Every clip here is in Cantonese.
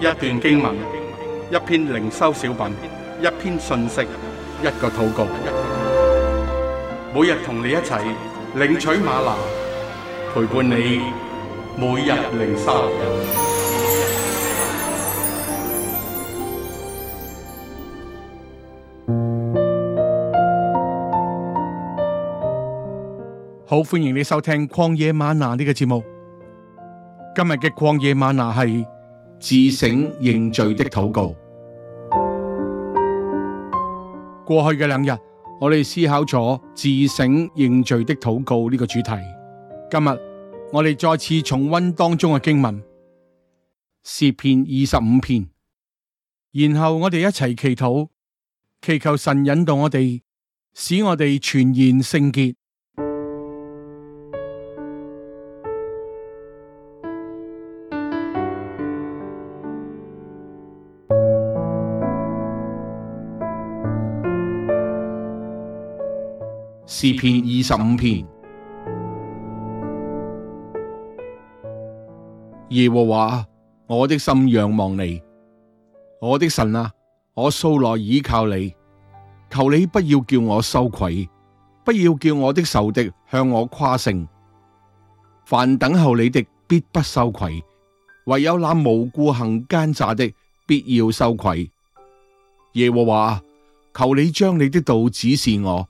一段經文，一篇靈修小品，一篇信息，一個禱告。每日同你一齊領取嗎哪，陪伴你每日靈修。好，歡迎你收聽曠野嗎哪呢個節目。今日嘅曠野嗎哪係。自省認罪的禱告。過去嘅兩日，我哋思考咗自省認罪的禱告呢個主題。今日我哋再次重溫當中嘅經文，詩篇二十五篇，然後我哋一齊祈禱，祈求神引導我哋，使我哋全然聖潔。詩篇二十五篇。耶和華，我的心仰望你，我的神啊，我素來倚靠你，求你不要叫我羞愧，不要叫我的仇敵向我誇勝。凡等候你的必不羞愧，唯有那無故行奸詐的必要羞愧。耶和華，求你將你的道指示我。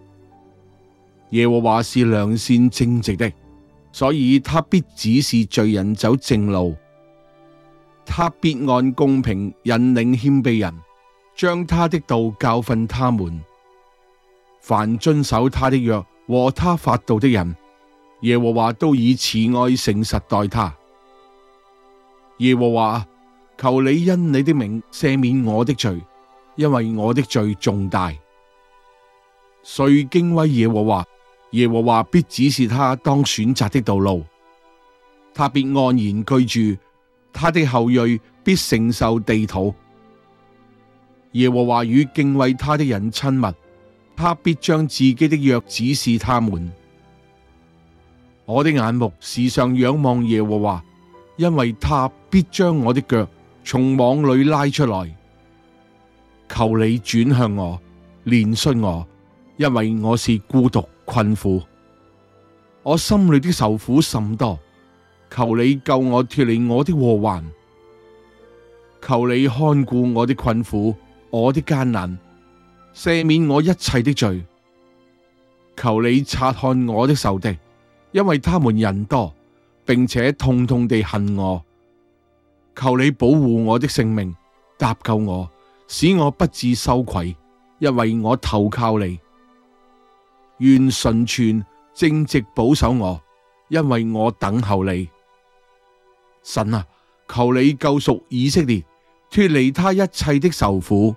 耶和華是良善正直的，所以他必指示罪人走正路，他必按公平引領謙卑人，將他的道教訓他們。凡遵守他的約和他法度的人，耶和華都以慈愛誠實待他。耶和華，求你因你的名赦免我的罪，因為我的罪重大。稅經歸耶和華。耶和華必指示他當選擇的道路，他必安然居住，他的後裔必承受地土。耶和華與敬畏他的人親密，他必將自己的約指示他們。我的眼目時常仰望耶和華，因為他必將我的腳從網裏拉出來。求你轉向我，憐恤我，因為我是孤獨，困苦，我心裏的愁苦甚多，求你救我脫離我的禍患，求你看顧我的困苦，我的艱難，赦免我一切的罪。求你察看我的仇敵，因為他們人多，並且痛痛地恨我。求你保護我的性命，搭救我，使我不致羞愧，因為我投靠你。願純全正直保守我，因為我等候你。神啊，求你救贖以色列，脫離他一切的愁苦。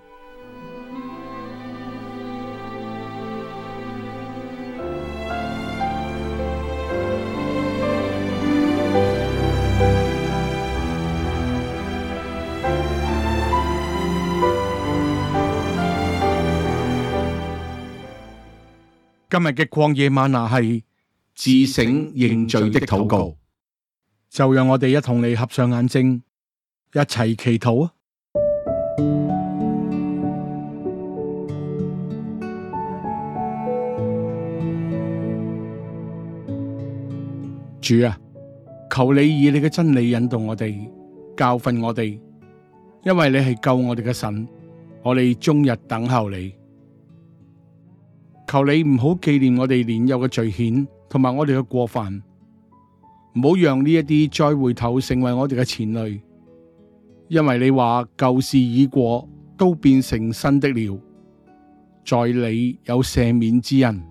今日嘅曠野嗎哪，係自省認罪的禱告，就讓我哋一同你合上眼睛，一齊祈禱啊！主啊，求你以你嘅真理引導我哋，教訓我哋，因為你係救我哋嘅神，我哋終日等候你。求你唔好紀念我哋年幼嘅罪愆，同埋我哋嘅過犯，唔好讓呢一啲再回頭成為我哋嘅牽累。因為你話舊事已過，都變成新的了，在你有赦免之恩。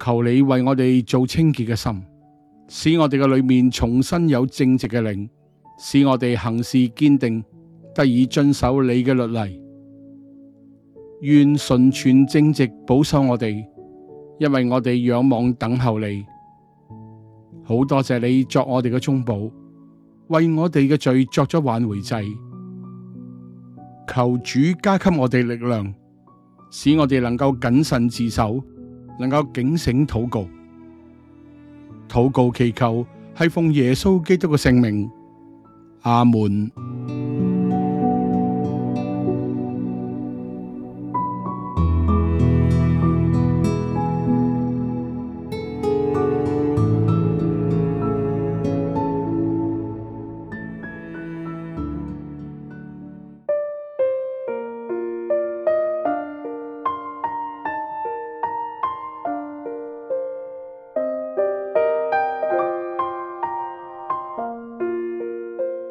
求你為我哋做清潔嘅心，使我哋嘅裏面重新有正直嘅靈，使我哋行事堅定，得以遵守你嘅律例。願純全正直保守我哋，因為我哋仰望等候你。好多謝你作我哋嘅忠保，為我哋嘅罪作咗挽回祭。求主加給我哋力量，使我哋能夠謹慎自守，能夠警醒禱告。禱告祈求係奉耶穌基督嘅聖名。阿門。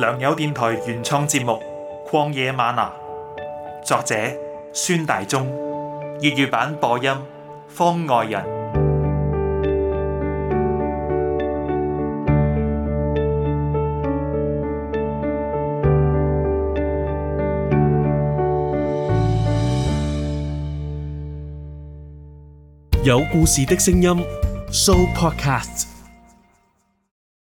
良友電台原創節目《曠野嗎哪》，作者孫大中，粵語版播音方外人，有故事的聲音 show podcast。